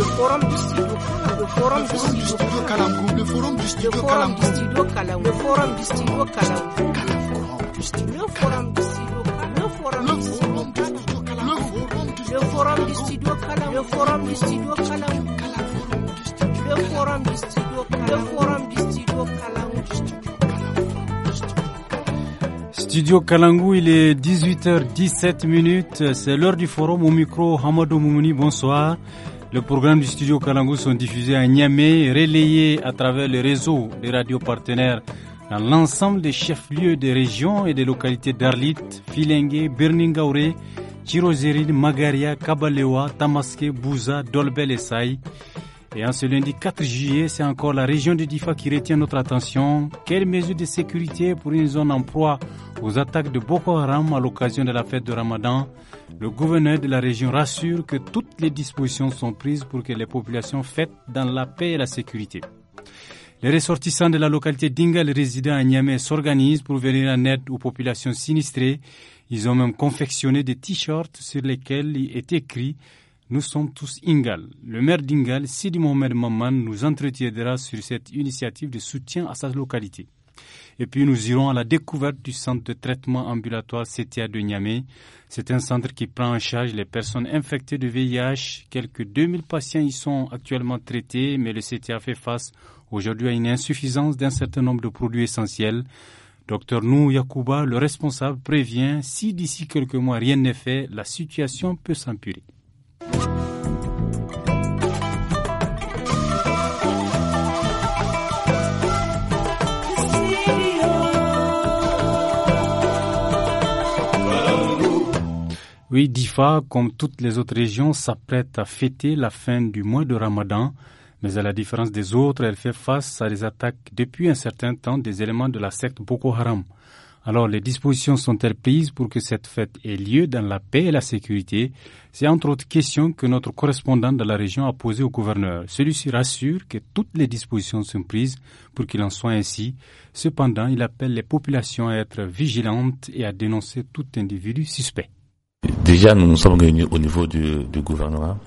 le forum du studio le forum du studio Calam le forum du studio Calam le forum du studio Calam le forum du studio Calam le forum du studio Calam le forum du studio Calam le forum du studio Calam le forum du studio le forum du studio Calam Studio Kalangou, il est 18h17 minutes. C'est l'heure du forum au micro. Hamadou Moumouni, bonsoir. Le programme du studio Kalango sont diffusés à Niamey, relayés à travers le réseau des radios partenaires dans l'ensemble des chefs-lieux des régions et des localités d'Arlit, Filengue, Birningaure, Chirozérine, Magaria, Kabalewa, Tamaske, Bouza, Dolbel et Saï. Et en ce lundi 4 juillet, c'est encore la région de Difa qui retient notre attention. Quelles mesures de sécurité pour une zone en proie aux attaques de Boko Haram à l'occasion de la fête de Ramadan le gouverneur de la région rassure que toutes les dispositions sont prises pour que les populations fêtent dans la paix et la sécurité. Les ressortissants de la localité d'Ingal résidant à Niamey s'organisent pour venir en aide aux populations sinistrées. Ils ont même confectionné des t-shirts sur lesquels il est écrit Nous sommes tous Ingal. Le maire d'Ingal, Sidi Mohamed Maman, nous entretiendra sur cette initiative de soutien à sa localité. Et puis nous irons à la découverte du centre de traitement ambulatoire CTA de Niamey. C'est un centre qui prend en charge les personnes infectées de VIH. Quelques 2000 patients y sont actuellement traités, mais le CTA fait face aujourd'hui à une insuffisance d'un certain nombre de produits essentiels. Docteur Nou Yakuba, le responsable, prévient si d'ici quelques mois rien n'est fait, la situation peut s'empirer. Oui, Difa, comme toutes les autres régions, s'apprête à fêter la fin du mois de Ramadan, mais à la différence des autres, elle fait face à des attaques depuis un certain temps des éléments de la secte Boko Haram. Alors, les dispositions sont-elles prises pour que cette fête ait lieu dans la paix et la sécurité C'est entre autres questions que notre correspondant de la région a posées au gouverneur. Celui-ci rassure que toutes les dispositions sont prises pour qu'il en soit ainsi. Cependant, il appelle les populations à être vigilantes et à dénoncer tout individu suspect. Déjà, nous nous sommes réunis au niveau du, gouvernement.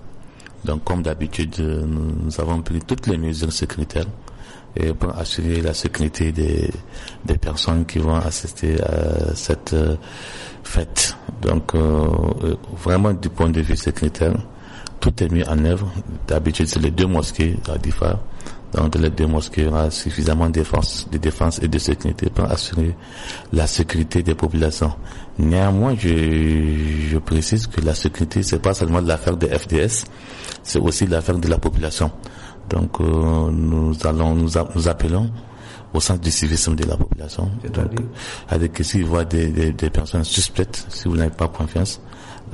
Donc, comme d'habitude, nous avons pris toutes les mesures sécuritaires pour assurer la sécurité des, personnes qui vont assister à cette euh, fête. Donc, euh, euh, vraiment, du point de vue sécuritaire, tout est mis en œuvre. D'habitude, c'est les deux mosquées à Difa. Donc les deux mosquées aura suffisamment de défense, de défense et de sécurité pour assurer la sécurité des populations. Néanmoins, je, précise que la sécurité, c'est pas seulement l'affaire des FDS, c'est aussi l'affaire de la population. Donc euh, nous allons, nous, appelons au centre du civisme de la population. Donc, avec que s'il voit des, des, personnes suspectes, si vous n'avez pas confiance,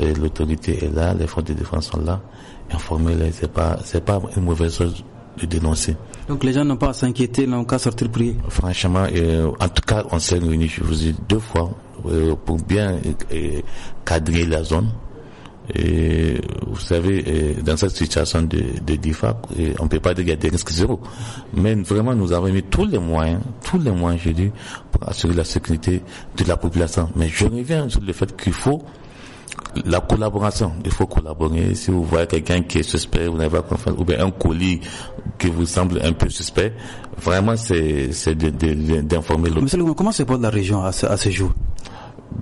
euh, l'autorité est là, les forces de défense sont là, informez-les, c'est pas, c'est pas une mauvaise chose de dénoncer. Donc les gens n'ont pas à s'inquiéter, n'ont qu'à sortir prier. Franchement, euh, en tout cas, on s'est réunis, je vous ai deux fois, euh, pour bien euh, cadrer la zone. Et vous savez, dans cette situation de, de on ne peut pas dire qu'il y a des risques zéro. Mais vraiment, nous avons mis tous les moyens, tous les moyens, je dis, pour assurer la sécurité de la population. Mais je reviens sur le fait qu'il faut la collaboration, il faut collaborer. Si vous voyez quelqu'un qui est suspect, vous n'avez pas confiance, ou bien un colis qui vous semble un peu suspect, vraiment c'est d'informer l'autre. Monsieur Lugo, comment se porte la région à ce, jour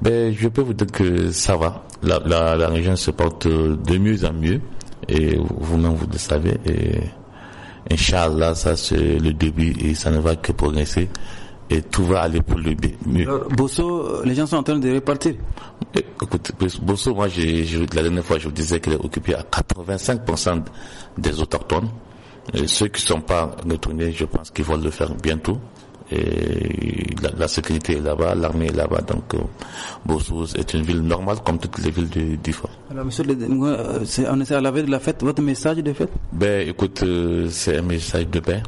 ben, Je peux vous dire que ça va. La, la, région se porte de mieux en mieux, et vous-même vous le savez. Et... Inch'Allah, ça c'est le début et ça ne va que progresser et tout va aller pour le mieux. Alors, Bosso, les gens sont en train de repartir. Eh, écoute, Bosso, moi, la dernière fois, je vous disais qu'il est occupé à 85% des autochtones. Et ceux qui ne sont pas retournés, je pense qu'ils vont le faire bientôt. Et la, sécurité est là-bas, l'armée est là-bas. Donc, euh, est une ville normale comme toutes les villes fort. Alors, monsieur, euh, on essaie à la de la fête. Votre message de fête Ben, écoute, euh, c'est un message de paix.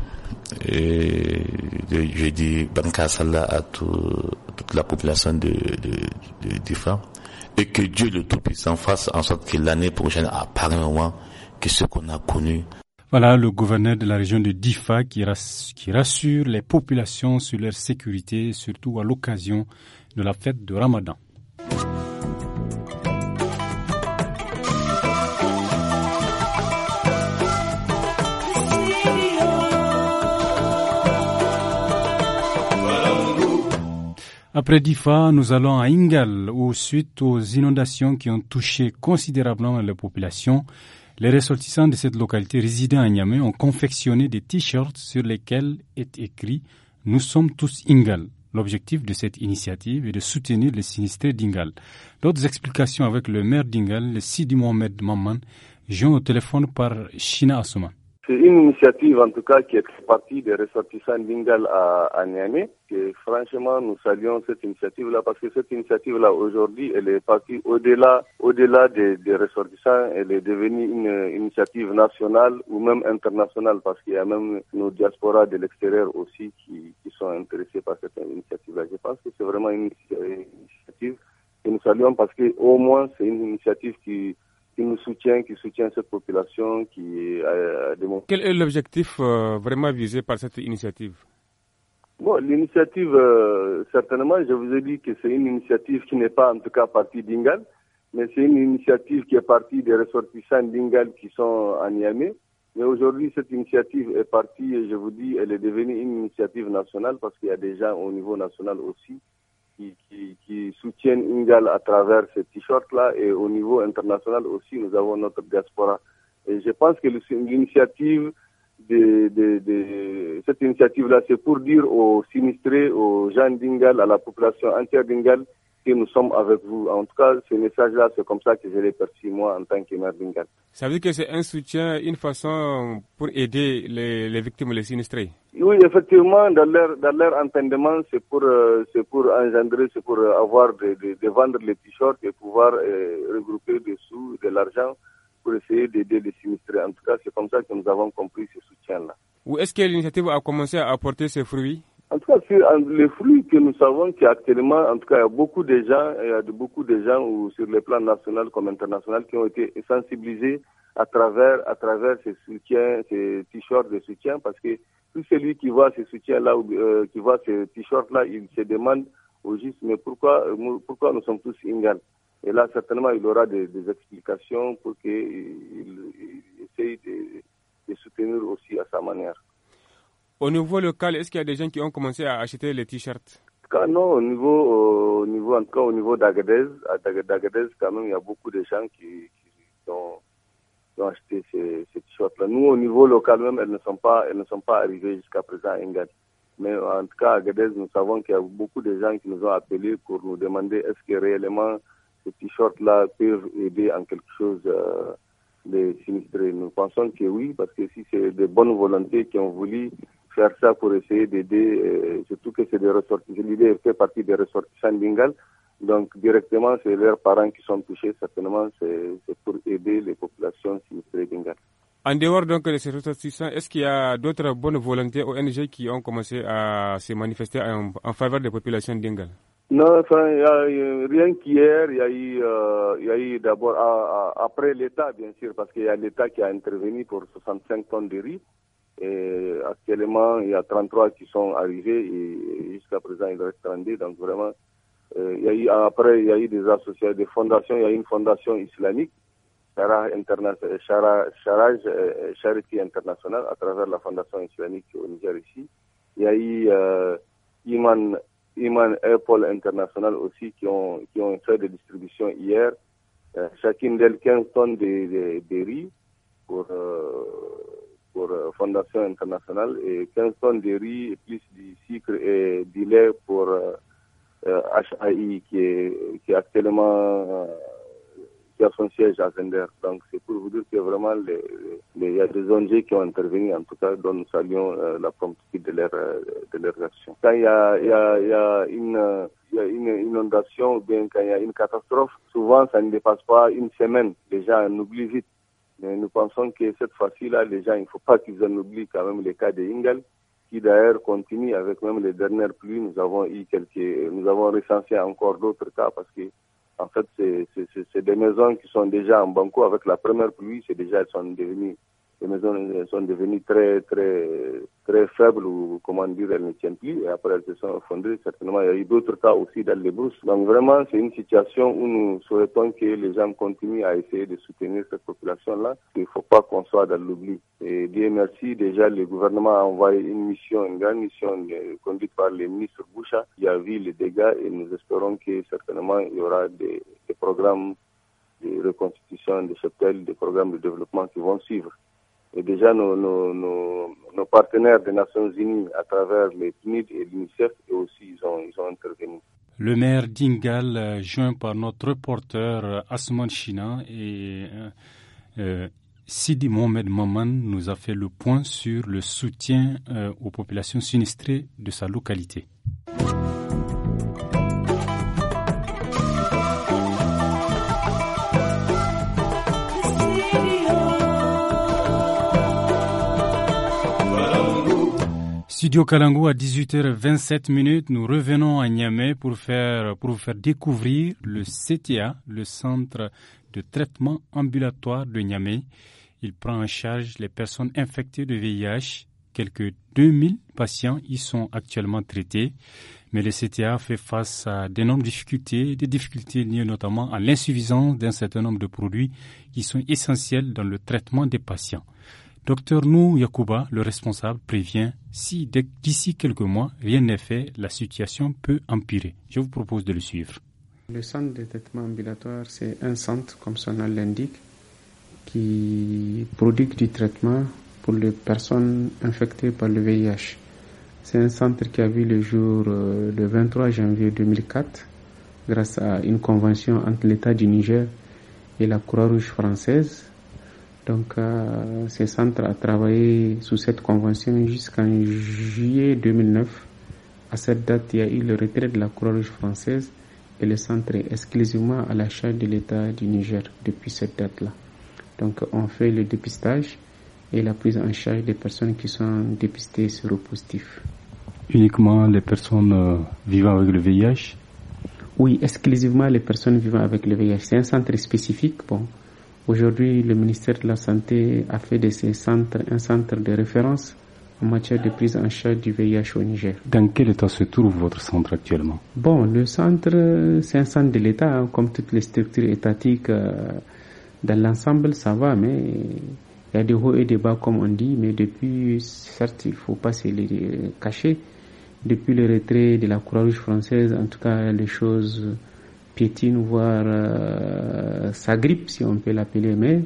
Et dis dit à toute la population de, de, de, et que Dieu le Tout-Puissant fasse en sorte que l'année prochaine, à un moins que ce qu'on a connu. Voilà le gouverneur de la région de Difa qui rassure les populations sur leur sécurité, surtout à l'occasion de la fête de Ramadan. Après Difa, nous allons à Ingal, où, suite aux inondations qui ont touché considérablement la population, les ressortissants de cette localité résidant à Niamey ont confectionné des t-shirts sur lesquels est écrit Nous sommes tous Ingal. L'objectif de cette initiative est de soutenir les sinistrés d'Ingal. D'autres explications avec le maire d'Ingal, le Sidi Mohamed Maman, joint au téléphone par China Assouman. C'est une initiative en tout cas qui est partie des ressortissants d'Ingal à, à Niamey. Et franchement, nous saluons cette initiative-là parce que cette initiative-là aujourd'hui, elle est partie au-delà, au-delà des, ressortissants. Elle est devenue une initiative nationale ou même internationale parce qu'il y a même nos diasporas de l'extérieur aussi qui, qui sont intéressés par cette initiative-là. Je pense que c'est vraiment une initiative que nous saluons parce que au moins c'est une initiative qui qui nous soutient, qui soutient cette population, qui euh, a, Quel est l'objectif euh, vraiment visé par cette initiative Bon, l'initiative, euh, certainement, je vous ai dit que c'est une initiative qui n'est pas en tout cas partie d'Ingal, mais c'est une initiative qui est partie des ressortissants d'Ingal qui sont en Niamey. Mais aujourd'hui, cette initiative est partie, je vous dis, elle est devenue une initiative nationale parce qu'il y a des gens au niveau national aussi qui, soutiennent Ingal à travers ces t-shirts-là et au niveau international aussi, nous avons notre diaspora. Et je pense que l'initiative de, de, cette initiative-là, c'est pour dire aux sinistrés, aux gens d'Ingal, à la population entière d'Ingal, nous sommes avec vous. En tout cas, ce message-là, c'est comme ça que je l'ai perçu, moi, en tant que maire Ça veut dire que c'est un soutien, une façon pour aider les, victimes, les sinistrés Oui, effectivement, dans leur, entendement, c'est pour, euh, pour engendrer, c'est pour avoir, de, vendre les t-shirts et pouvoir euh, regrouper des sous, de l'argent pour essayer d'aider les sinistrés. En tout cas, c'est comme ça que nous avons compris ce soutien-là. Où est-ce que l'initiative a commencé à apporter ses fruits en tout cas, sur euh, les flux que nous savons qu'actuellement, en tout cas, il y a beaucoup de gens, il y a de, beaucoup de gens ou sur le plan national comme international qui ont été sensibilisés à travers, à travers ces soutiens, ces t-shirts de soutien, parce que tout celui qui voit ces soutiens-là, euh, qui voit ces t-shirts-là, il se demande au juste, mais pourquoi, euh, pourquoi nous sommes tous ingal Et là, certainement, il aura des, explications pour qu'il il, essaye de soutenir aussi à sa manière. Au niveau local, est-ce qu'il y a des gens qui ont commencé à acheter les t-shirts non, au niveau, au niveau, en tout cas au niveau d'Agadez, il y a beaucoup de gens qui, ont, acheté ces, t-shirts-là. Nous, au niveau local même, elles ne sont pas, elles ne sont pas arrivées jusqu'à présent à Ingad. Mais en tout cas, à Agadez, nous savons qu'il y a beaucoup de gens qui nous ont appelés pour nous demander est-ce que réellement ces t-shirts-là peuvent aider en quelque chose de euh, les Nous pensons que oui, parce que si c'est de bonnes volontés qui ont voulu faire ça pour essayer d'aider, euh, surtout que c'est des ressortissants. L'idée fait partie des ressortissants lingales. Donc, directement, c'est leurs parents qui sont touchés. Certainement, c'est pour aider les populations sinistrées En dehors donc de ces ressortissants, est-ce qu'il y a d'autres bonnes volontés ONG qui ont commencé à se manifester en, faveur des populations dingal Non, rien qu'hier, il y a eu, euh, y a eu d'abord, ah, ah, après l'État, bien sûr, parce qu'il y a l'État qui a intervenu pour 65 tonnes de riz. Euh, actuellement, il y a 33 qui sont arrivés et jusqu'à présent, il reste 32. Donc vraiment, euh, il y a après, il y a eu des associations, des fondations. Il y a eu une fondation islamique, euh, Charity International, à travers la fondation islamique au Niger ici. Il y a eu Iman, Iman International aussi qui ont, qui ont fait des distributions hier. chacune d'elles 15 tonnes de, de riz pour pour euh, Fondation Internationale et 15 tonnes de riz et plus du sucre et du lait pour HAI euh, euh, qui est, qui actuellement qui a son siège à Zender. Donc c'est pour vous dire que vraiment il y a des ONG qui ont intervenu, en tout cas dont nous saluons la promptitude de leur de Quand il y a, y a, une une inondation ou bien quand il y a une catastrophe, souvent ça ne dépasse pas une semaine. déjà on oublie vite. Mais nous pensons que cette fois-ci-là, les gens, il ne faut pas qu'ils en oublient quand même les cas de Ingel qui d'ailleurs continue avec même les dernières pluies. Nous avons eu quelques, nous avons recensé encore d'autres cas parce que, en fait, c'est des maisons qui sont déjà en banco avec la première pluie, c'est déjà, elles sont devenues les maisons sont devenues très, très, très faibles ou, comment dire, elles ne tiennent plus. Et après, elles se sont effondrées. Certainement, il y a eu d'autres cas aussi dans les brousses. Donc vraiment, c'est une situation où nous souhaitons que les gens continuent à essayer de soutenir cette population-là. Il ne faut pas qu'on soit dans l'oubli. Et bien merci, déjà, le gouvernement a envoyé une mission, une grande mission conduite par le ministre Boucha y a vu les dégâts et nous espérons que certainement il y aura des, programmes de reconstitution de cheptels, des programmes de développement qui vont suivre. Et déjà, nos, partenaires des Nations Unies, à travers les et l'UNICEF, aussi, ils ont, intervenu. Le maire d'Ingal, euh, joint par notre reporter euh, Asman China et euh, Sidi Mohamed Maman, nous a fait le point sur le soutien aux populations sinistrées de sa localité. Studio Kalangou à 18h27 minutes. Nous revenons à Niamey pour faire, pour vous faire découvrir le CTA, le Centre de traitement ambulatoire de Niamey. Il prend en charge les personnes infectées de VIH. Quelques 2000 patients y sont actuellement traités. Mais le CTA fait face à d'énormes difficultés, des difficultés liées notamment à l'insuffisance d'un certain nombre de produits qui sont essentiels dans le traitement des patients. Docteur Nou Yakuba, le responsable, prévient si d'ici quelques mois rien n'est fait, la situation peut empirer. Je vous propose de le suivre. Le centre de traitement ambulatoire, c'est un centre, comme son nom l'indique, qui produit du traitement pour les personnes infectées par le VIH. C'est un centre qui a vu le jour euh, le 23 janvier 2004 grâce à une convention entre l'État du Niger et la Croix-Rouge française donc ce euh, centre a travaillé sous cette convention jusqu'en juillet 2009. À cette date, il y a eu le retrait de la Croix-Rouge française et le centre est exclusivement à la charge de l'État du Niger depuis cette date-là. Donc on fait le dépistage et la prise en charge des personnes qui sont dépistées séropositives. Uniquement les personnes euh, vivant avec le VIH Oui, exclusivement les personnes vivant avec le VIH. C'est un centre spécifique. Bon, Aujourd'hui, le ministère de la Santé a fait de ce centres un centre de référence en matière de prise en charge du VIH au Niger. Dans quel état se trouve votre centre actuellement Bon, le centre, c'est un centre de l'État, hein. comme toutes les structures étatiques. Euh, dans l'ensemble, ça va, mais il y a des hauts et des bas, comme on dit, mais depuis, certes, il ne faut pas se les cacher. Depuis le retrait de la Croix-Rouge française, en tout cas, les choses piétine, voire euh, sa grippe, si on peut l'appeler, mais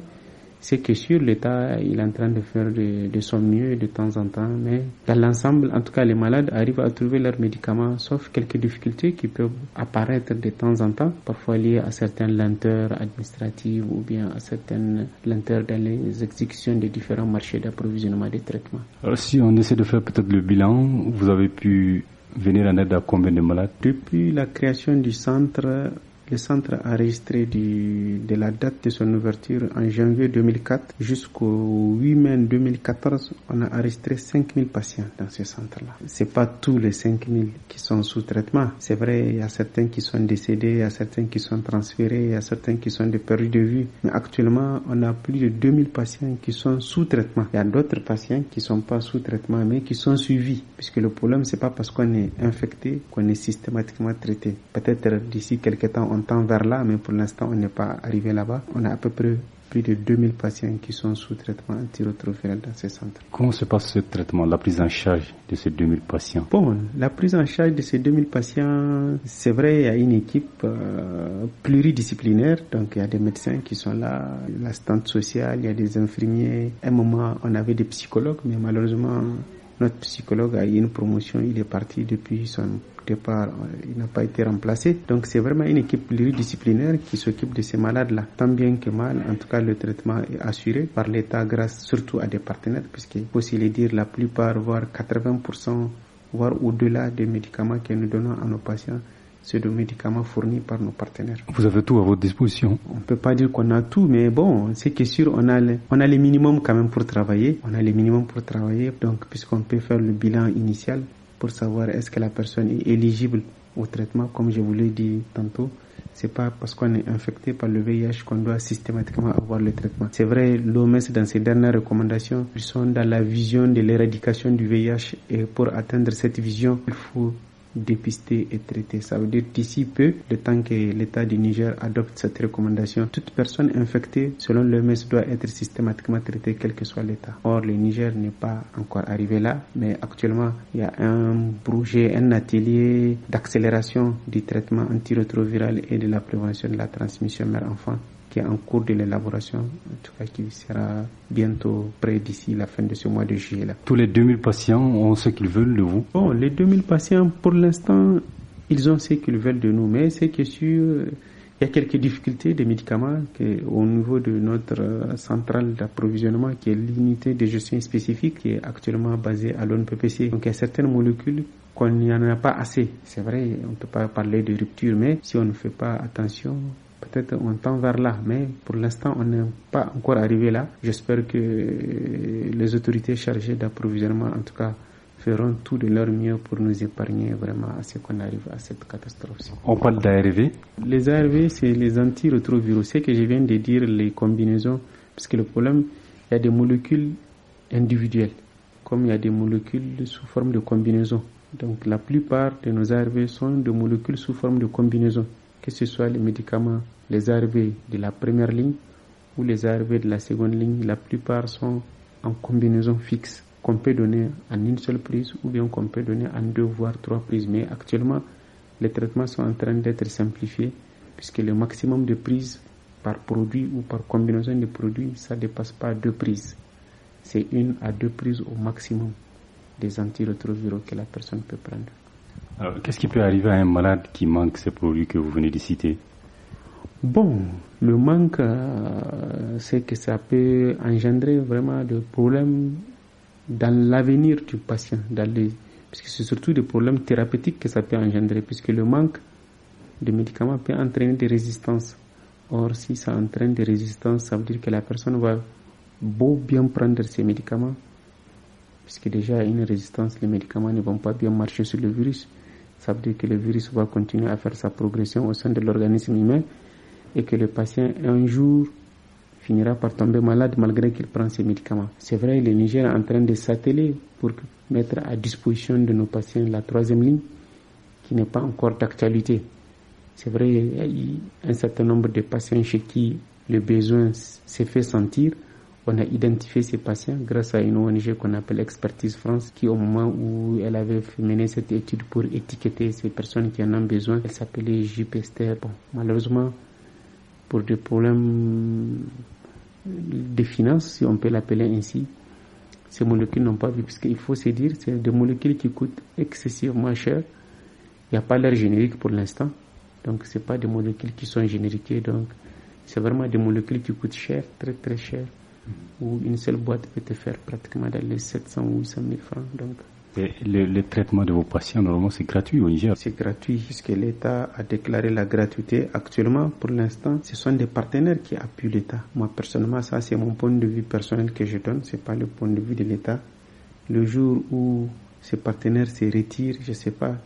c'est que sur l'État, il est en train de faire de, de, son mieux de temps en temps, mais dans l'ensemble, en tout cas, les malades arrivent à trouver leurs médicaments, sauf quelques difficultés qui peuvent apparaître de temps en temps, parfois liées à certaines lenteurs administratives ou bien à certaines lenteurs dans les exécutions des différents marchés d'approvisionnement des traitements. Alors, euh, si on essaie de faire peut-être le bilan, vous avez pu venir en aide à combien de malades Depuis la création du centre, le centre a enregistré du, de la date de son ouverture en janvier 2004 jusqu'au 8 mai 2014, on a enregistré 5000 patients dans ce centre-là. C'est pas tous les 5000 qui sont sous traitement. C'est vrai, il y a certains qui sont décédés, il y a certains qui sont transférés, il y a certains qui sont de perdus de vue. Mais actuellement, on a plus de 2000 patients qui sont sous traitement. Il y a d'autres patients qui sont pas sous traitement, mais qui sont suivis. Puisque le problème, c'est pas parce qu'on est infecté qu'on est systématiquement traité. Peut-être d'ici quelques temps, on tend vers là, mais pour l'instant, on n'est pas arrivé là-bas. On a à peu près plus de 2000 patients qui sont sous traitement antirétroviral dans ces centres. Comment se passe ce traitement, la prise en charge de ces 2000 patients Bon, la prise en charge de ces 2000 patients, c'est vrai, il y a une équipe euh, pluridisciplinaire, donc il y a des médecins qui sont là, l'assistante sociale, il y a des infirmiers. À un moment, on avait des psychologues, mais malheureusement, notre psychologue a eu une promotion, il est parti depuis son départ, euh, il n'a pas été remplacé. Donc c'est vraiment une équipe pluridisciplinaire qui s'occupe de ces malades-là. Tant bien que mal, en tout cas le traitement est assuré par l'État grâce surtout à des partenaires, puisqu'il faut aussi les dire la plupart, voire 80%, voire au-delà des médicaments que nous donnons à nos patients c'est de médicaments fournis par nos partenaires. Vous avez tout à votre disposition. On ne peut pas dire qu'on a tout, mais bon, c'est que sûr, on a, on a les minimums quand même pour travailler. On a les minimums pour travailler, donc puisqu'on peut faire le bilan initial pour savoir est-ce que la personne est éligible au traitement, comme je vous l'ai dit tantôt. C'est pas parce qu'on est infecté par le VIH qu'on doit systématiquement avoir le traitement. C'est vrai, l'OMS, dans ses dernières recommandations, ils sont dans la vision de l'éradication du VIH et pour atteindre cette vision, il faut dépister et traiter. Ça veut dire d'ici peu, le temps que l'État du Niger adopte cette recommandation, toute personne infectée, selon le l'OMS, doit être systématiquement traitée, quel que soit l'État. Or, le Niger n'est pas encore arrivé là, mais actuellement, il y a un projet, un atelier d'accélération du traitement antirétroviral et de la prévention de la transmission mère-enfant qui est en cours de l'élaboration, en tout cas qui sera bientôt prêt d'ici la fin de ce mois de juillet. Là. Tous les 2000 patients ont ce qu'ils veulent de vous Bon, les 2000 patients, pour l'instant, ils ont ce qu'ils veulent de nous, mais c'est que sur... Il y a quelques difficultés des médicaments au niveau de notre centrale d'approvisionnement qui est l'unité de gestion spécifique qui est actuellement basée à l'ONPPC. Donc il y a certaines molécules qu'on n'y en a pas assez. C'est vrai, on ne peut pas parler de rupture, mais si on ne fait pas attention, peut-être on tend vers là, mais pour l'instant, on n'est pas encore arrivé là. J'espère que les autorités chargées d'approvisionnement, en tout cas, feront tout de leur mieux pour nous épargner vraiment à ce qu'on arrive à cette catastrophe. On parle d'ARV Les ARV, c'est les antiretroviraux. C'est que je viens de dire les combinaisons, parce que le problème, il y a des molécules individuelles, comme il y a des molécules sous forme de combinaisons. Donc la plupart de nos ARV sont des molécules sous forme de combinaisons, que ce soit les médicaments les arrivées de la première ligne ou les arrivées de la seconde ligne, la plupart sont en combinaison fixe qu'on peut donner en une seule prise ou bien qu'on peut donner en deux voire trois prises. Mais actuellement, les traitements sont en train d'être simplifiés puisque le maximum de prises par produit ou par combinaison de produits, ça ne dépasse pas deux prises. C'est une à deux prises au maximum des antirétroviraux que la personne peut prendre. Alors, qu'est-ce qui peut arriver à un malade qui manque ces produits que vous venez de citer Bon, le manque, euh, c'est que ça peut engendrer vraiment des problèmes dans l'avenir du patient, dans les, puisque c'est surtout des problèmes thérapeutiques que ça peut engendrer, puisque le manque de médicaments peut entraîner des résistances. Or, si ça entraîne des résistances, ça veut dire que la personne va beau bien prendre ses médicaments, puisque déjà une résistance, les médicaments ne vont pas bien marcher sur le virus. Ça veut dire que le virus va continuer à faire sa progression au sein de l'organisme humain et que le patient un jour finira par tomber malade malgré qu'il prend ses médicaments. C'est vrai, le Niger est en train de s'atteler pour mettre à disposition de nos patients la troisième ligne qui n'est pas encore d'actualité. C'est vrai, il y a un certain nombre de patients chez qui le besoin s'est fait sentir. On a identifié ces patients grâce à une ONG qu'on appelle Expertise France, qui au moment où elle avait mené cette étude pour étiqueter ces personnes qui en ont besoin, elle s'appelait JPSTER. Bon, malheureusement, pour des problèmes de finances, si on peut l'appeler ainsi. Ces molécules n'ont pas vu, qu'il faut se dire, c'est des molécules qui coûtent excessivement cher. Il n'y a pas l'air générique pour l'instant. Donc, ce pas des molécules qui sont génériquées. Donc, c'est vraiment des molécules qui coûtent cher, très très cher. Où une seule boîte peut te faire pratiquement les 700 ou 800 000 francs. Donc, le, traitement de vos patients, normalement, c'est gratuit au Niger C'est gratuit puisque l'État a déclaré la gratuité. Actuellement, pour l'instant, ce sont des partenaires qui appuient l'État. Moi, personnellement, ça, c'est mon point de vue personnel que je donne. C'est pas le point de vue de l'État. Le jour où ces partenaires se retirent, je ne sais pas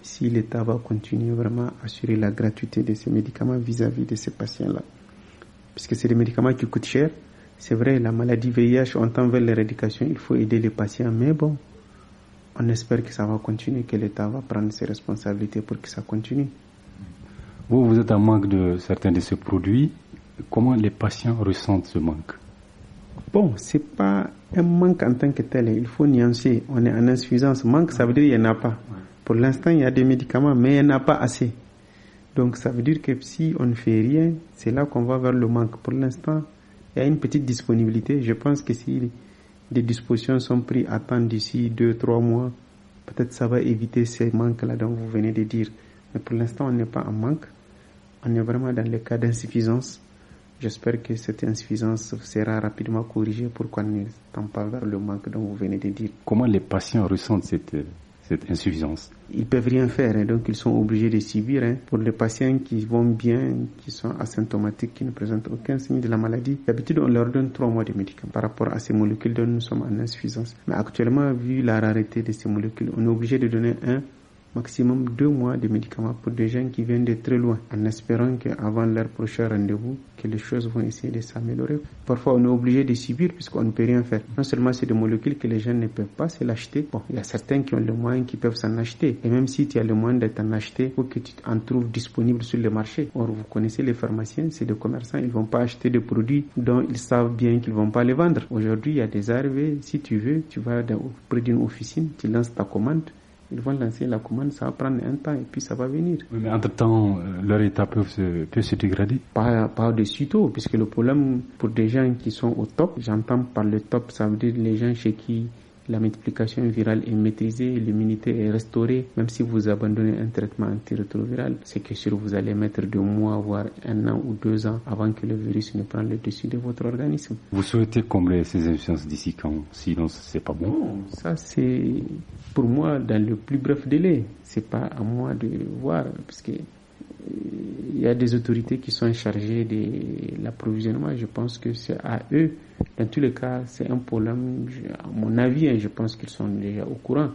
si l'État va continuer vraiment à assurer la gratuité de ces médicaments vis-à-vis -vis de ces patients-là. Puisque c'est des médicaments qui coûtent cher. C'est vrai, la maladie VIH, on tend vers l'éradication, il faut aider les patients, mais bon, on espère que ça va continuer, que l'État va prendre ses responsabilités pour que ça continue. Vous, vous êtes en manque de certains de ces produits. Comment les patients ressentent ce manque Bon, c'est pas un manque en tant que tel. Il faut nuancer. On est en insuffisance. Manque, ça veut dire qu'il n'y en a pas. Pour l'instant, il y a des médicaments, mais il n'y en a pas assez. Donc, ça veut dire que si on ne fait rien, c'est là qu'on va vers le manque. Pour l'instant, il y a une petite disponibilité. Je pense que si des dispositions sont prises, attendre d'ici deux, trois mois. Peut-être ça va éviter ces manques-là dont vous venez de dire. Mais pour l'instant, on n'est pas en manque. On est vraiment dans le cas d'insuffisance. J'espère que cette insuffisance sera rapidement corrigée pour qu'on ne pas vers le manque dont vous venez de dire. Comment les patients ressentent cette euh, insuffisance. Ils peuvent rien faire, hein. donc ils sont obligés de subir. Hein, pour les patients qui vont bien, qui sont asymptomatiques, qui ne présentent aucun signe de la maladie, d'habitude on leur donne trois mois de médicaments par rapport à ces molécules dont nous sommes en insuffisance. Mais actuellement, vu la rareté de ces molécules, on est obligé de donner un maximum deux mois de médicaments pour des gens qui viennent de très loin, en espérant qu'avant leur prochain rendez-vous, que les choses vont essayer de s'améliorer. Parfois, on est obligé de subir puisqu'on ne peut rien faire. Non seulement c'est des molécules que les gens ne peuvent pas se l'acheter, bon, il y a certains qui ont le moyen qui peuvent s'en acheter. Et même si tu as le moyen de t'en acheter, il faut que tu en trouves disponible sur le marché. Or, vous connaissez les pharmaciens, c'est des commerçants, ils ne vont pas acheter des produits dont ils savent bien qu'ils ne vont pas les vendre. Aujourd'hui, il y a des arrivées, si tu veux, tu vas auprès d'une officine, tu lances ta commande, ils vont lancer la commande, ça va prendre un temps et puis ça va venir. mais entre-temps, euh, leur état peut se, dégrader Pas, pas de sitôt, puisque le problème pour des gens qui sont au top, j'entends par le top, ça veut dire les gens chez qui la multiplication virale est maîtrisée, l'immunité est restaurée, même si vous abandonnez un traitement antirétroviral, c'est que sur vous allez mettre deux mois, voire un an ou deux ans avant que le virus ne prenne le dessus de votre organisme. Vous souhaitez combler ces insuffisances d'ici quand Sinon, c'est pas bon. Non, ça c'est pour moi dans le plus bref délai. C'est pas à moi de voir, parce que il y a des autorités qui sont chargées de l'approvisionnement. Je pense que c'est à eux. Dans tous les cas, c'est un problème, à mon avis, hein, je pense qu'ils sont déjà au courant.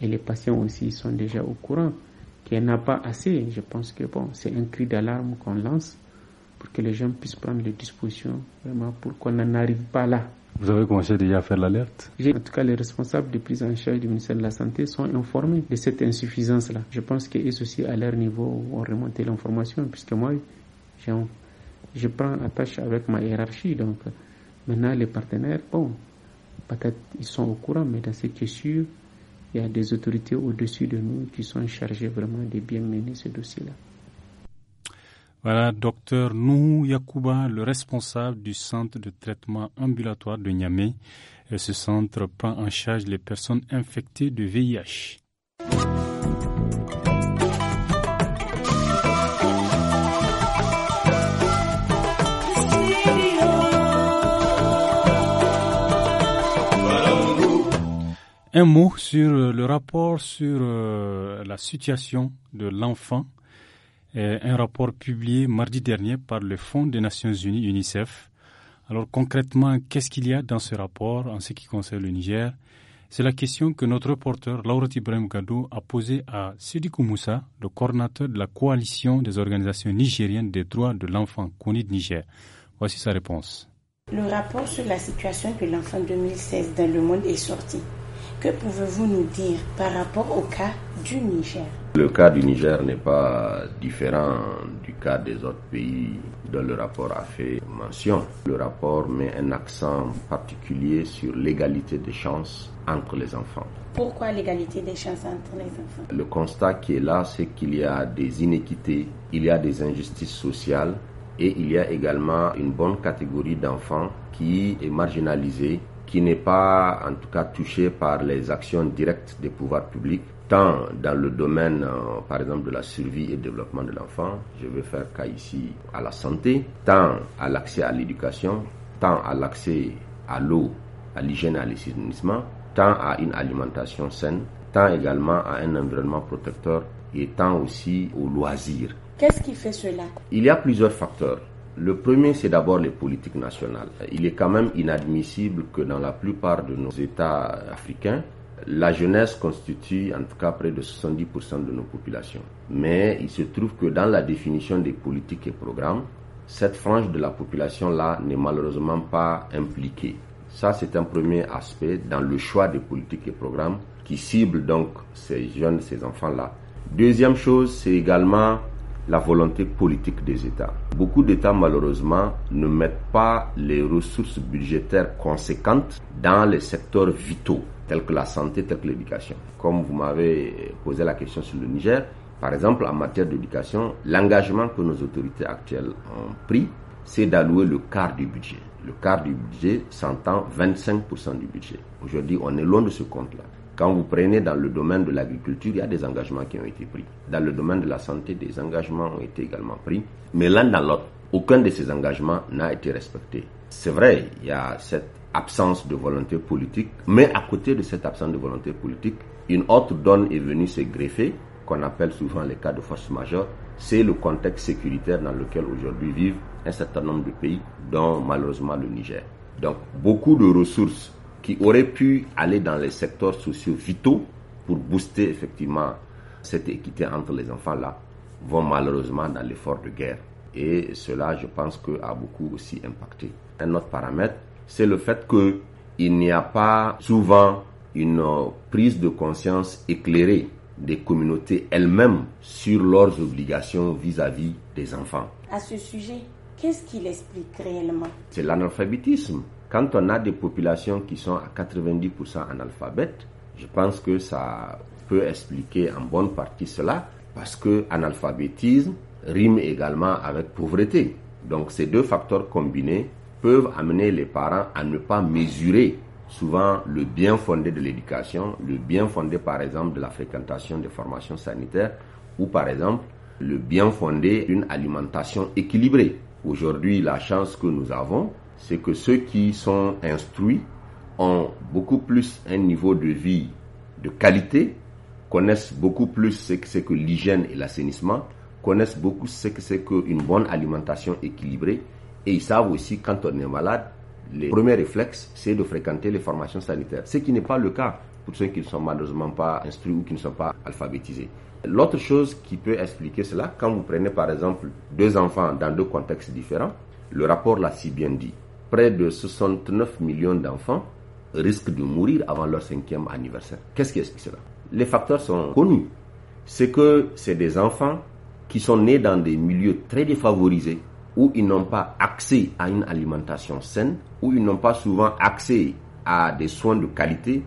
Et les patients aussi sont déjà au courant qu'il n'y en a pas assez. Je pense que bon, c'est un cri d'alarme qu'on lance pour que les gens puissent prendre les dispositions vraiment pour qu'on n'en arrive pas là. Vous avez commencé déjà à faire l'alerte En tout cas, les responsables de prise en charge du ministère de la Santé sont informés de cette insuffisance-là. Je pense qu'ils aussi, à leur niveau, ont remonté l'information, puisque moi, je prends la tâche avec ma hiérarchie. Donc, maintenant, les partenaires, bon, peut-être ils sont au courant, mais dans ces questions il y a des autorités au-dessus de nous qui sont chargées vraiment de bien mener ce dossier-là. Voilà, docteur Nou Yakuba, le responsable du centre de traitement ambulatoire de Niamey. Ce centre prend en charge les personnes infectées de VIH. Un mot sur le rapport sur euh, la situation de l'enfant euh, un rapport publié mardi dernier par le Fonds des Nations Unies, UNICEF. Alors concrètement, qu'est-ce qu'il y a dans ce rapport en ce qui concerne le Niger C'est la question que notre reporter Laurent Ibrahim Gadou a posée à Sidi Moussa, le coordinateur de la coalition des organisations nigériennes des droits de l'enfant, connu de Niger. Voici sa réponse. Le rapport sur la situation de l'enfant 2016 dans le monde est sorti. Que pouvez-vous nous dire par rapport au cas du Niger Le cas du Niger n'est pas différent du cas des autres pays dont le rapport a fait mention. Le rapport met un accent particulier sur l'égalité des chances entre les enfants. Pourquoi l'égalité des chances entre les enfants Le constat qui est là, c'est qu'il y a des inéquités, il y a des injustices sociales et il y a également une bonne catégorie d'enfants qui est marginalisée qui n'est pas en tout cas touché par les actions directes des pouvoirs publics, tant dans le domaine euh, par exemple de la survie et développement de l'enfant, je veux faire cas ici à la santé, tant à l'accès à l'éducation, tant à l'accès à l'eau, à l'hygiène et à l'assainissement, tant à une alimentation saine, tant également à un environnement protecteur et tant aussi aux loisirs. Qu'est-ce qui fait cela Il y a plusieurs facteurs. Le premier, c'est d'abord les politiques nationales. Il est quand même inadmissible que dans la plupart de nos États africains, la jeunesse constitue en tout cas près de 70% de nos populations. Mais il se trouve que dans la définition des politiques et programmes, cette frange de la population-là n'est malheureusement pas impliquée. Ça, c'est un premier aspect dans le choix des politiques et programmes qui ciblent donc ces jeunes, ces enfants-là. Deuxième chose, c'est également la volonté politique des États. Beaucoup d'États, malheureusement, ne mettent pas les ressources budgétaires conséquentes dans les secteurs vitaux, tels que la santé, tels que l'éducation. Comme vous m'avez posé la question sur le Niger, par exemple, en matière d'éducation, l'engagement que nos autorités actuelles ont pris, c'est d'allouer le quart du budget. Le quart du budget s'entend 25% du budget. Aujourd'hui, on est loin de ce compte-là. Quand vous prenez dans le domaine de l'agriculture, il y a des engagements qui ont été pris. Dans le domaine de la santé, des engagements ont été également pris. Mais l'un dans l'autre, aucun de ces engagements n'a été respecté. C'est vrai, il y a cette absence de volonté politique, mais à côté de cette absence de volonté politique, une autre donne est venue se greffer, qu'on appelle souvent les cas de force majeure. C'est le contexte sécuritaire dans lequel aujourd'hui vivent un certain nombre de pays, dont malheureusement le Niger. Donc beaucoup de ressources qui auraient pu aller dans les secteurs sociaux vitaux pour booster effectivement cette équité entre les enfants-là, vont malheureusement dans l'effort de guerre. Et cela, je pense, que a beaucoup aussi impacté. Un autre paramètre, c'est le fait qu'il n'y a pas souvent une prise de conscience éclairée des communautés elles-mêmes sur leurs obligations vis-à-vis des enfants. À ce sujet, qu'est-ce qu'il explique réellement C'est l'analphabétisme. Quand on a des populations qui sont à 90% analphabètes, je pense que ça peut expliquer en bonne partie cela, parce que analphabétisme rime également avec pauvreté. Donc ces deux facteurs combinés peuvent amener les parents à ne pas mesurer souvent le bien fondé de l'éducation, le bien fondé par exemple de la fréquentation des formations sanitaires ou par exemple le bien fondé d'une alimentation équilibrée. Aujourd'hui, la chance que nous avons, c'est que ceux qui sont instruits ont beaucoup plus un niveau de vie de qualité, connaissent beaucoup plus ce que c'est que l'hygiène et l'assainissement, connaissent beaucoup ce que c'est qu'une bonne alimentation équilibrée, et ils savent aussi quand on est malade, le premier réflexe, c'est de fréquenter les formations sanitaires, ce qui n'est pas le cas pour ceux qui ne sont malheureusement pas instruits ou qui ne sont pas alphabétisés. L'autre chose qui peut expliquer cela, quand vous prenez par exemple deux enfants dans deux contextes différents, le rapport l'a si bien dit près de 69 millions d'enfants risquent de mourir avant leur cinquième anniversaire. Qu'est-ce qui explique cela Les facteurs sont connus. C'est que c'est des enfants qui sont nés dans des milieux très défavorisés, où ils n'ont pas accès à une alimentation saine, où ils n'ont pas souvent accès à des soins de qualité,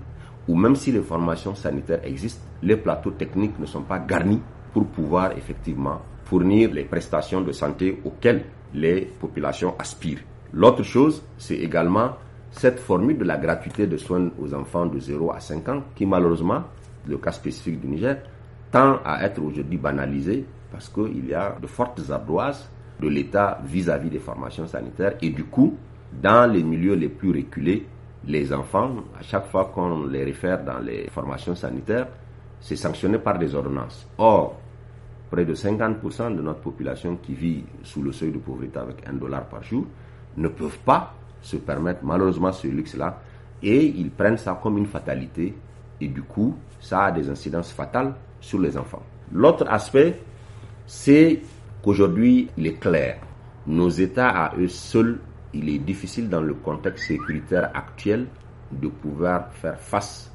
où même si les formations sanitaires existent, les plateaux techniques ne sont pas garnis pour pouvoir effectivement fournir les prestations de santé auxquelles les populations aspirent. L'autre chose, c'est également cette formule de la gratuité de soins aux enfants de 0 à 5 ans, qui malheureusement, le cas spécifique du Niger, tend à être aujourd'hui banalisé parce qu'il y a de fortes ardoises de l'État vis-à-vis des formations sanitaires et du coup, dans les milieux les plus reculés, les enfants, à chaque fois qu'on les réfère dans les formations sanitaires, c'est sanctionné par des ordonnances. Or, près de 50% de notre population qui vit sous le seuil de pauvreté avec un dollar par jour ne peuvent pas se permettre malheureusement ce luxe-là et ils prennent ça comme une fatalité et du coup ça a des incidences fatales sur les enfants. L'autre aspect, c'est qu'aujourd'hui il est clair, nos États à eux seuls, il est difficile dans le contexte sécuritaire actuel de pouvoir faire face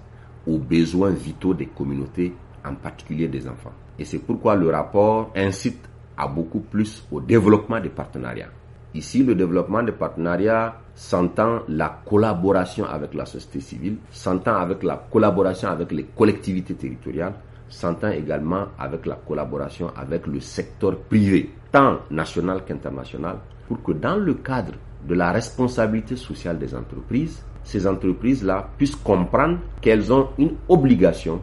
aux besoins vitaux des communautés, en particulier des enfants. Et c'est pourquoi le rapport incite à beaucoup plus au développement des partenariats. Ici, le développement des partenariats s'entend la collaboration avec la société civile, s'entend avec la collaboration avec les collectivités territoriales, s'entend également avec la collaboration avec le secteur privé, tant national qu'international, pour que dans le cadre de la responsabilité sociale des entreprises, ces entreprises-là puissent comprendre qu'elles ont une obligation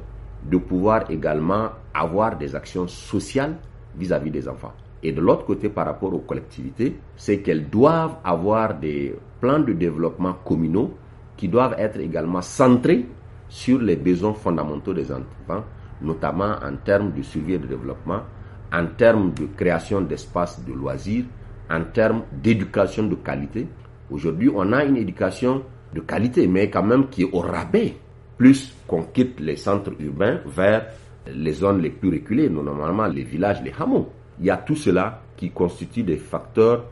de pouvoir également avoir des actions sociales vis-à-vis -vis des enfants. Et de l'autre côté, par rapport aux collectivités, c'est qu'elles doivent avoir des plans de développement communaux qui doivent être également centrés sur les besoins fondamentaux des enfants, notamment en termes de suivi de développement, en termes de création d'espaces de loisirs, en termes d'éducation de qualité. Aujourd'hui, on a une éducation de qualité, mais quand même qui est au rabais, plus qu'on quitte les centres urbains vers les zones les plus reculées, normalement les villages, les hameaux il y a tout cela qui constitue des facteurs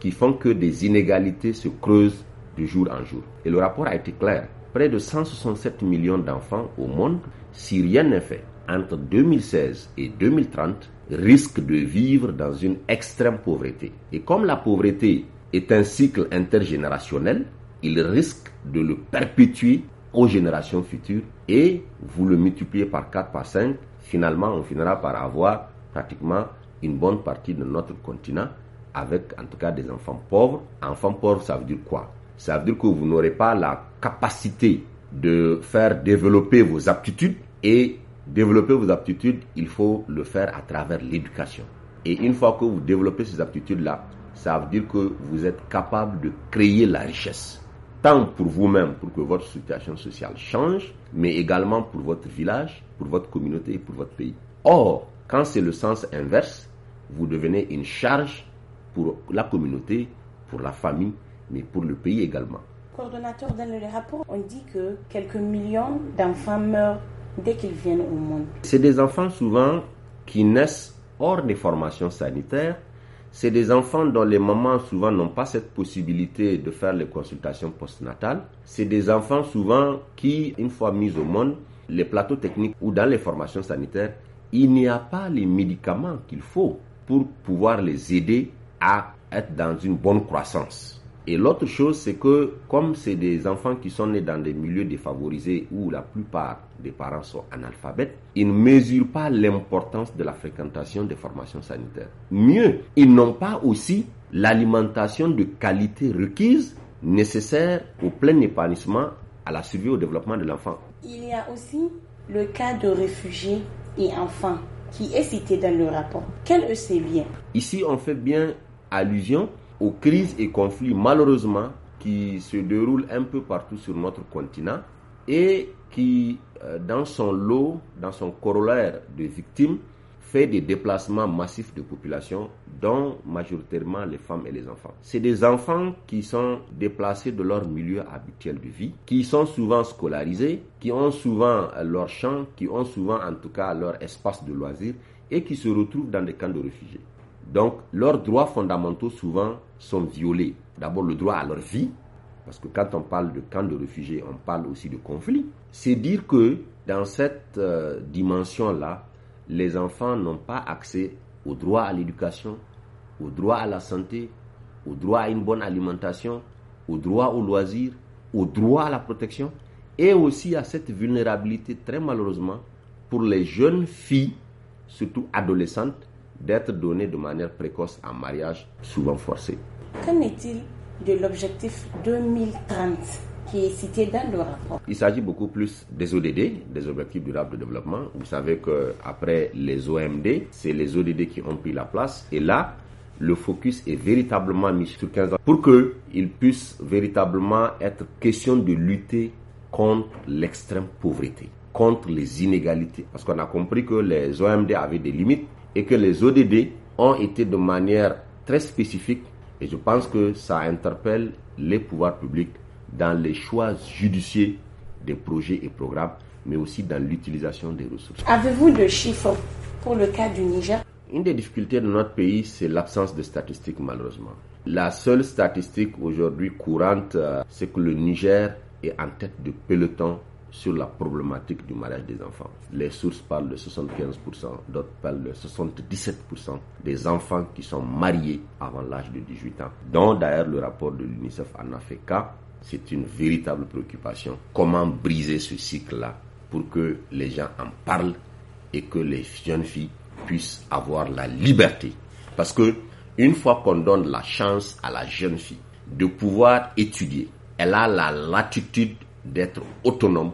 qui font que des inégalités se creusent de jour en jour. Et le rapport a été clair. Près de 167 millions d'enfants au monde, si rien n'est fait, entre 2016 et 2030, risquent de vivre dans une extrême pauvreté. Et comme la pauvreté est un cycle intergénérationnel, il risque de le perpétuer aux générations futures et vous le multipliez par 4, par 5, finalement on finira par avoir pratiquement une bonne partie de notre continent avec en tout cas des enfants pauvres. Enfants pauvres, ça veut dire quoi Ça veut dire que vous n'aurez pas la capacité de faire développer vos aptitudes et développer vos aptitudes, il faut le faire à travers l'éducation. Et une fois que vous développez ces aptitudes-là, ça veut dire que vous êtes capable de créer la richesse. Tant pour vous-même, pour que votre situation sociale change, mais également pour votre village, pour votre communauté et pour votre pays. Or, quand c'est le sens inverse, vous devenez une charge pour la communauté, pour la famille, mais pour le pays également. Coordonnateur, donne le rapport, on dit que quelques millions d'enfants meurent dès qu'ils viennent au monde. C'est des enfants souvent qui naissent hors des formations sanitaires. C'est des enfants dont les mamans souvent n'ont pas cette possibilité de faire les consultations postnatales. C'est des enfants souvent qui, une fois mis au monde, les plateaux techniques ou dans les formations sanitaires, il n'y a pas les médicaments qu'il faut pour pouvoir les aider à être dans une bonne croissance. Et l'autre chose, c'est que comme c'est des enfants qui sont nés dans des milieux défavorisés où la plupart des parents sont analphabètes, ils ne mesurent pas l'importance de la fréquentation des formations sanitaires. Mieux, ils n'ont pas aussi l'alimentation de qualité requise nécessaire au plein épanouissement, à la survie, au développement de l'enfant. Il y a aussi le cas de réfugiés et enfants qui est cité dans le rapport. Quel est ce lien Ici, on fait bien allusion aux crises et conflits malheureusement qui se déroulent un peu partout sur notre continent et qui, euh, dans son lot, dans son corollaire de victimes, fait des déplacements massifs de population, dont majoritairement les femmes et les enfants. C'est des enfants qui sont déplacés de leur milieu habituel de vie, qui sont souvent scolarisés, qui ont souvent leur champ, qui ont souvent en tout cas leur espace de loisirs et qui se retrouvent dans des camps de réfugiés. Donc leurs droits fondamentaux souvent sont violés. D'abord le droit à leur vie, parce que quand on parle de camps de réfugiés, on parle aussi de conflit. C'est dire que dans cette euh, dimension-là, les enfants n'ont pas accès au droit à l'éducation, au droit à la santé, au droit à une bonne alimentation, au droit aux loisirs, au droit à la protection et aussi à cette vulnérabilité très malheureusement pour les jeunes filles, surtout adolescentes, d'être données de manière précoce en mariage, souvent forcé. Qu'en est-il de l'objectif 2030 qui est cité dans le rapport. Il s'agit beaucoup plus des ODD, des objectifs durables de développement. Vous savez que après les OMD, c'est les ODD qui ont pris la place et là le focus est véritablement mis sur 15 ans pour qu'il puisse véritablement être question de lutter contre l'extrême pauvreté, contre les inégalités. Parce qu'on a compris que les OMD avaient des limites et que les ODD ont été de manière très spécifique et je pense que ça interpelle les pouvoirs publics dans les choix judiciaires des projets et programmes, mais aussi dans l'utilisation des ressources. Avez-vous de chiffres pour le cas du Niger Une des difficultés de notre pays, c'est l'absence de statistiques, malheureusement. La seule statistique aujourd'hui courante, euh, c'est que le Niger est en tête de peloton sur la problématique du mariage des enfants. Les sources parlent de 75%, d'autres parlent de 77% des enfants qui sont mariés avant l'âge de 18 ans, dont d'ailleurs le rapport de l'UNICEF en a fait cas c'est une véritable préoccupation. Comment briser ce cycle-là pour que les gens en parlent et que les jeunes filles puissent avoir la liberté Parce que une fois qu'on donne la chance à la jeune fille de pouvoir étudier, elle a la latitude d'être autonome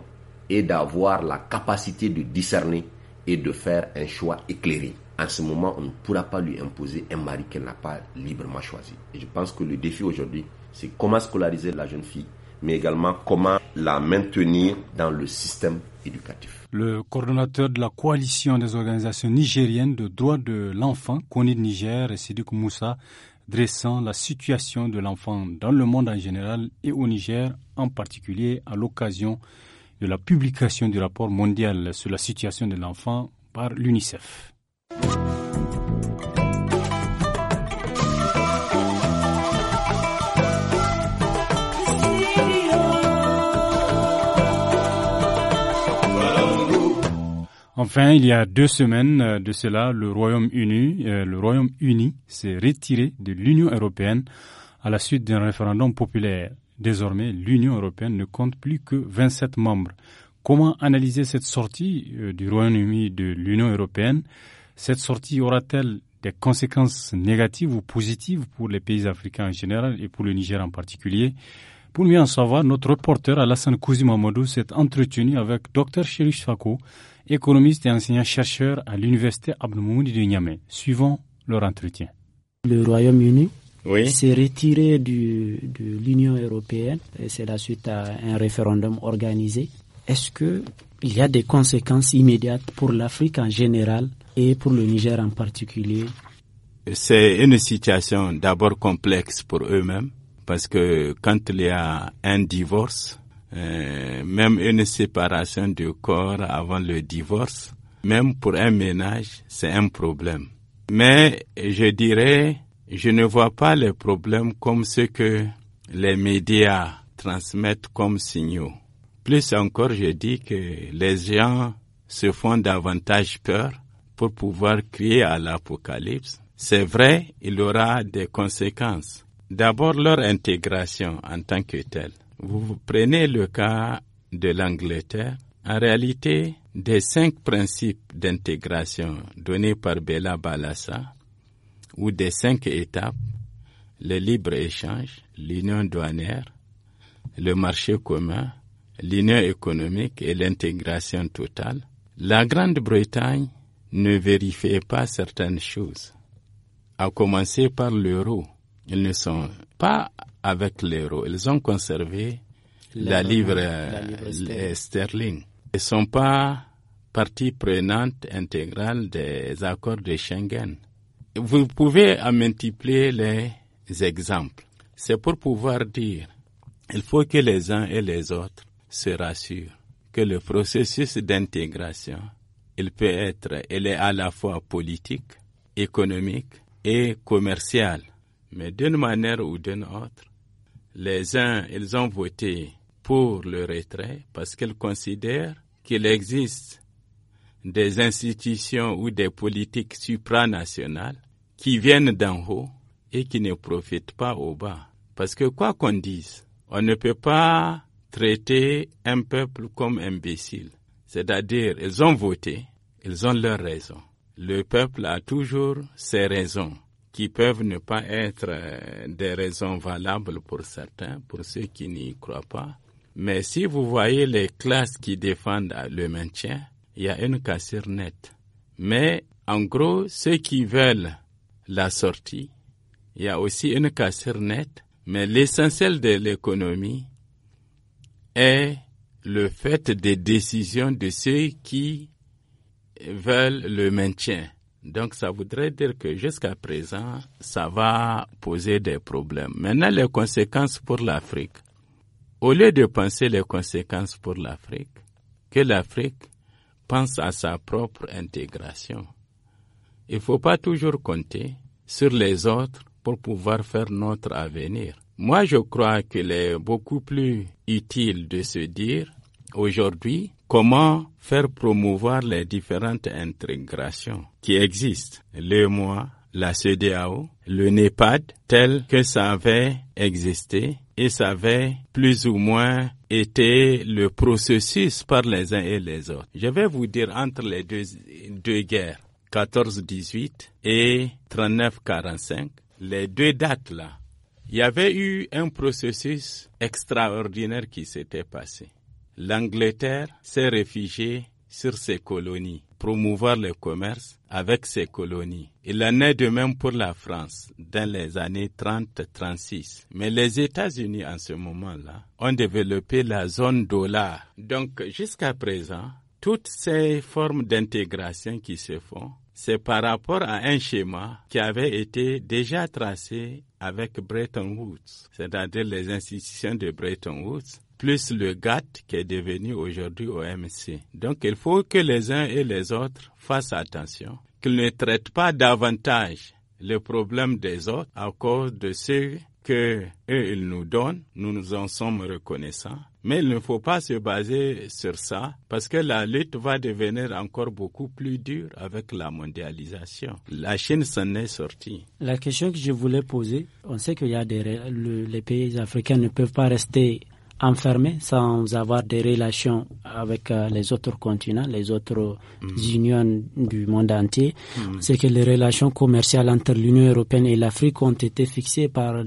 et d'avoir la capacité de discerner et de faire un choix éclairé. En ce moment, on ne pourra pas lui imposer un mari qu'elle n'a pas librement choisi. Et je pense que le défi aujourd'hui, c'est comment scolariser la jeune fille, mais également comment la maintenir dans le système éducatif. Le coordonnateur de la coalition des organisations nigériennes de droits de l'enfant, Koni de Niger et Sidik Moussa, dressant la situation de l'enfant dans le monde en général et au Niger en particulier à l'occasion de la publication du rapport mondial sur la situation de l'enfant par l'UNICEF. Enfin, il y a deux semaines euh, de cela, le Royaume-Uni, euh, le royaume s'est retiré de l'Union européenne à la suite d'un référendum populaire. Désormais, l'Union européenne ne compte plus que 27 membres. Comment analyser cette sortie euh, du Royaume-Uni de l'Union européenne Cette sortie aura-t-elle des conséquences négatives ou positives pour les pays africains en général et pour le Niger en particulier Pour mieux en savoir, notre reporter Alassane Kouzimamadou s'est entretenu avec Dr Chérif Fako, économiste et enseignant-chercheur à l'université Abdelmoudi de Niamey. Suivons leur entretien. Le Royaume-Uni s'est retiré de l'Union européenne. C'est la suite à un référendum organisé. Est-ce qu'il y a des conséquences immédiates pour l'Afrique en général et pour le Niger en particulier C'est une situation d'abord complexe pour eux-mêmes parce que quand il y a un divorce, euh, même une séparation du corps avant le divorce, même pour un ménage, c'est un problème. Mais je dirais, je ne vois pas les problèmes comme ce que les médias transmettent comme signaux. Plus encore, je dis que les gens se font davantage peur pour pouvoir crier à l'apocalypse. C'est vrai, il aura des conséquences. D'abord leur intégration en tant que telle vous prenez le cas de l'Angleterre, en réalité, des cinq principes d'intégration donnés par Bella Balassa, ou des cinq étapes, le libre-échange, l'union douanière, le marché commun, l'union économique et l'intégration totale, la Grande-Bretagne ne vérifiait pas certaines choses, à commencer par l'euro. Ils ne sont pas avec l'euro. Ils ont conservé la livre, euh, sterling. Ils ne sont pas partie prenante intégrale des accords de Schengen. Vous pouvez en multiplier les exemples. C'est pour pouvoir dire, il faut que les uns et les autres se rassurent que le processus d'intégration, il peut être, il est à la fois politique, économique et commercial. Mais d'une manière ou d'une autre, les uns, ils ont voté pour le retrait parce qu'ils considèrent qu'il existe des institutions ou des politiques supranationales qui viennent d'en haut et qui ne profitent pas au bas. Parce que quoi qu'on dise, on ne peut pas traiter un peuple comme imbécile. C'est-à-dire, ils ont voté, ils ont leurs raisons. Le peuple a toujours ses raisons qui peuvent ne pas être euh, des raisons valables pour certains, pour ceux qui n'y croient pas. Mais si vous voyez les classes qui défendent euh, le maintien, il y a une cassure nette. Mais en gros, ceux qui veulent la sortie, il y a aussi une cassure nette. Mais l'essentiel de l'économie est le fait des décisions de ceux qui veulent le maintien. Donc ça voudrait dire que jusqu'à présent, ça va poser des problèmes. Maintenant, les conséquences pour l'Afrique. Au lieu de penser les conséquences pour l'Afrique, que l'Afrique pense à sa propre intégration. Il ne faut pas toujours compter sur les autres pour pouvoir faire notre avenir. Moi, je crois qu'il est beaucoup plus utile de se dire aujourd'hui comment faire promouvoir les différentes intégrations qui existent. Le MOA, la CDAO, le NEPAD, tel que ça avait existé et ça avait plus ou moins été le processus par les uns et les autres. Je vais vous dire entre les deux, deux guerres, 14-18 et 39-45, les deux dates-là, il y avait eu un processus extraordinaire qui s'était passé. L'Angleterre s'est réfugiée sur ses colonies, promouvoir le commerce avec ses colonies. Il en est de même pour la France dans les années 30-36. Mais les États-Unis en ce moment-là ont développé la zone dollar. Donc jusqu'à présent, toutes ces formes d'intégration qui se font, c'est par rapport à un schéma qui avait été déjà tracé avec Bretton Woods, c'est-à-dire les institutions de Bretton Woods plus le GATT qui est devenu aujourd'hui OMC. Donc il faut que les uns et les autres fassent attention, qu'ils ne traitent pas davantage les problèmes des autres à cause de ce que nous donnent. Nous nous en sommes reconnaissants. Mais il ne faut pas se baser sur ça parce que la lutte va devenir encore beaucoup plus dure avec la mondialisation. La Chine s'en est sortie. La question que je voulais poser, on sait qu'il y a des, les pays africains ne peuvent pas rester enfermé sans avoir des relations avec euh, les autres continents, les autres mm. unions du monde entier, mm. c'est que les relations commerciales entre l'Union européenne et l'Afrique ont été fixées par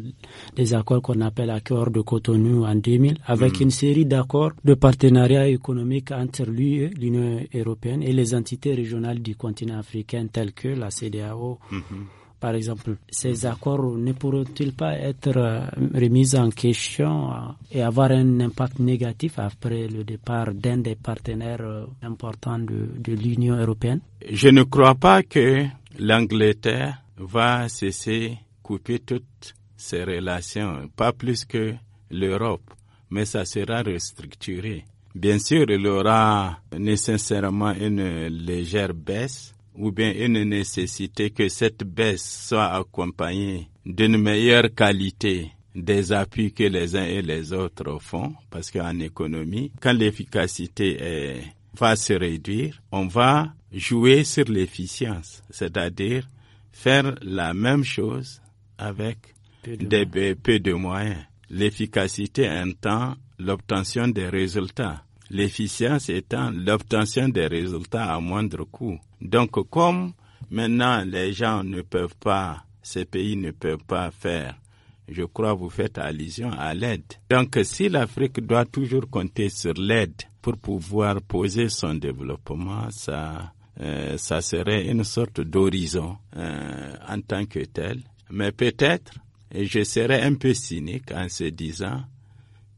des accords qu'on appelle accords de Cotonou en 2000, avec mm. une série d'accords de partenariat économique entre l'UE, l'Union européenne et les entités régionales du continent africain telles que la CDAO. Mm-hmm par exemple, ces accords ne pourront-ils pas être euh, remis en question euh, et avoir un impact négatif après le départ d'un des partenaires euh, importants de, l'Union européenne Je ne crois pas que l'Angleterre va cesser couper toutes ses relations, pas plus que l'Europe, mais ça sera restructuré. Bien sûr, il y aura nécessairement une légère baisse ou bien une nécessité que cette baisse soit accompagnée d'une meilleure qualité des appuis que les uns et les autres font, parce qu'en économie, quand l'efficacité va se réduire, on va jouer sur l'efficience, c'est-à-dire faire la même chose avec peu de, des, peu de moyens. L'efficacité entend l'obtention des résultats. L'efficience étant l'obtention des résultats à moindre coût. Donc comme maintenant les gens ne peuvent pas, ces pays ne peuvent pas faire, je crois vous faites allusion à l'aide. Donc si l'Afrique doit toujours compter sur l'aide pour pouvoir poser son développement, ça, euh, ça serait une sorte d'horizon euh, en tant que tel. Mais peut-être, et je serais un peu cynique en se disant,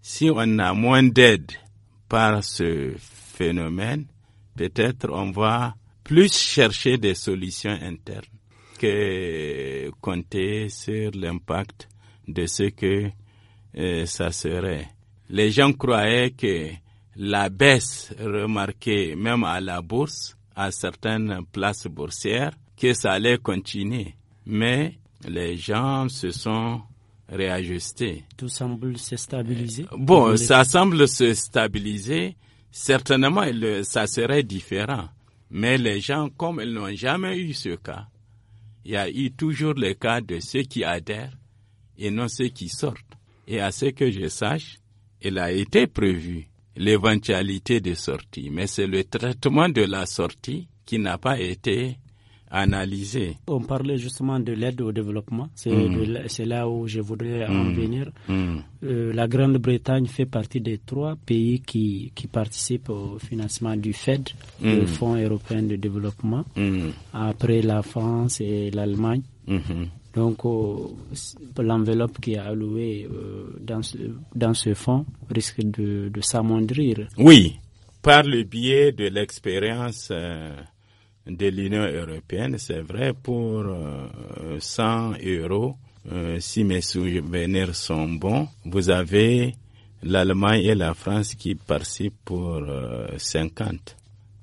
si on a moins d'aide par ce phénomène, peut-être on va plus chercher des solutions internes que compter sur l'impact de ce que euh, ça serait. Les gens croyaient que la baisse remarquée même à la bourse, à certaines places boursières, que ça allait continuer. Mais les gens se sont réajusté. Tout semble se stabiliser. Euh, bon, ça semble se stabiliser. Certainement, ça serait différent. Mais les gens, comme ils n'ont jamais eu ce cas, il y a eu toujours le cas de ceux qui adhèrent et non ceux qui sortent. Et à ce que je sache, il a été prévu l'éventualité de sortie, mais c'est le traitement de la sortie qui n'a pas été on parlait justement de l'aide au développement. C'est mm. là où je voudrais en mm. venir. Mm. Euh, la Grande-Bretagne fait partie des trois pays qui, participent au financement du FED, le Fonds européen de développement, après la France et l'Allemagne. Mm-hmm. Donc, euh, l'enveloppe qui est allouée euh, dans, ce, dans fonds risque de, de s'amondrir. Oui, par le biais de l'expérience de l'Union européenne, c'est vrai, pour 100 euh, euros, euh, si mes souvenirs sont bons, vous avez l'Allemagne et la France qui participent pour 50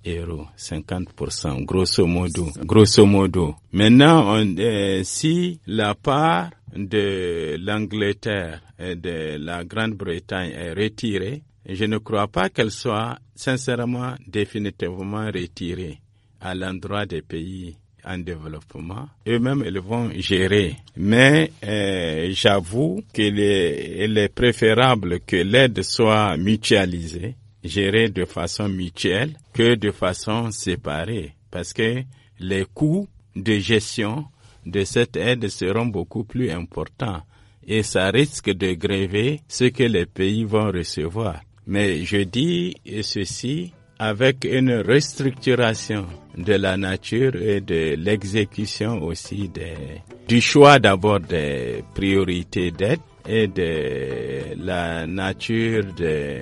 euh, euros, 50%, grosso modo, grosso modo. Maintenant, on, si la part de l'Angleterre et de la Grande-Bretagne est retirée, je ne crois pas qu'elle soit sincèrement définitivement retirée à l'endroit des pays en développement. Eux-mêmes, ils vont gérer. Mais euh, j'avoue qu'il est, il est préférable que l'aide soit mutualisée, gérée de façon mutuelle, que de façon séparée, parce que les coûts de gestion de cette aide seront beaucoup plus importants et ça risque de gréver ce que les pays vont recevoir. Mais je dis ceci avec une restructuration de la nature et de l'exécution aussi des, du choix d'abord des priorités d'aide et de la nature de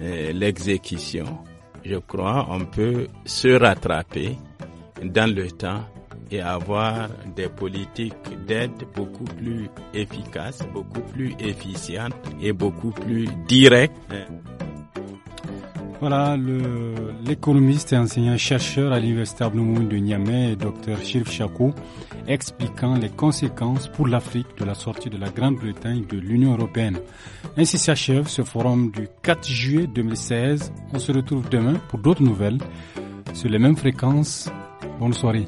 euh, l'exécution. Je crois qu'on peut se rattraper dans le temps et avoir des politiques d'aide beaucoup plus efficaces, beaucoup plus efficientes et beaucoup plus directes. Voilà, l'économiste et enseignant-chercheur à l'Université Abnoumoun de Niamey, Dr Shirf Chakou, expliquant les conséquences pour l'Afrique de la sortie de la Grande-Bretagne de l'Union européenne. Ainsi s'achève ce forum du 4 juillet 2016. On se retrouve demain pour d'autres nouvelles sur les mêmes fréquences. Bonne soirée.